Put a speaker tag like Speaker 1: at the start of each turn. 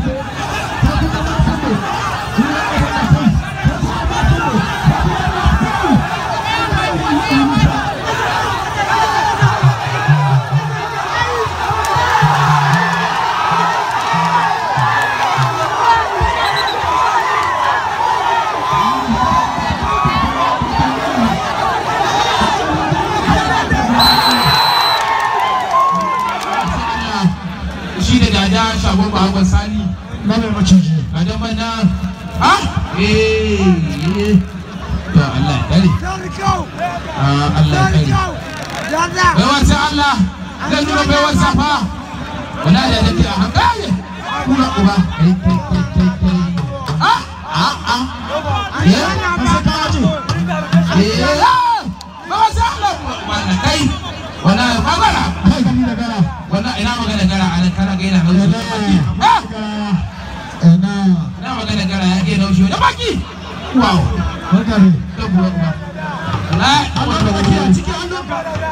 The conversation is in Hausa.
Speaker 1: Thank you.
Speaker 2: da dada shagon ba hagon sani na mai a dada mana ha eh, eh to Allah ya dare ah, Allah ya bai
Speaker 3: wata Allah zan nuna bai wata fa wala da nake a hankali kuma uba ya eh,
Speaker 2: saka waje eh wala wala wala ina magana wannan kana ga yana haushi ina na magana gara ya ga yana haushi
Speaker 1: da baki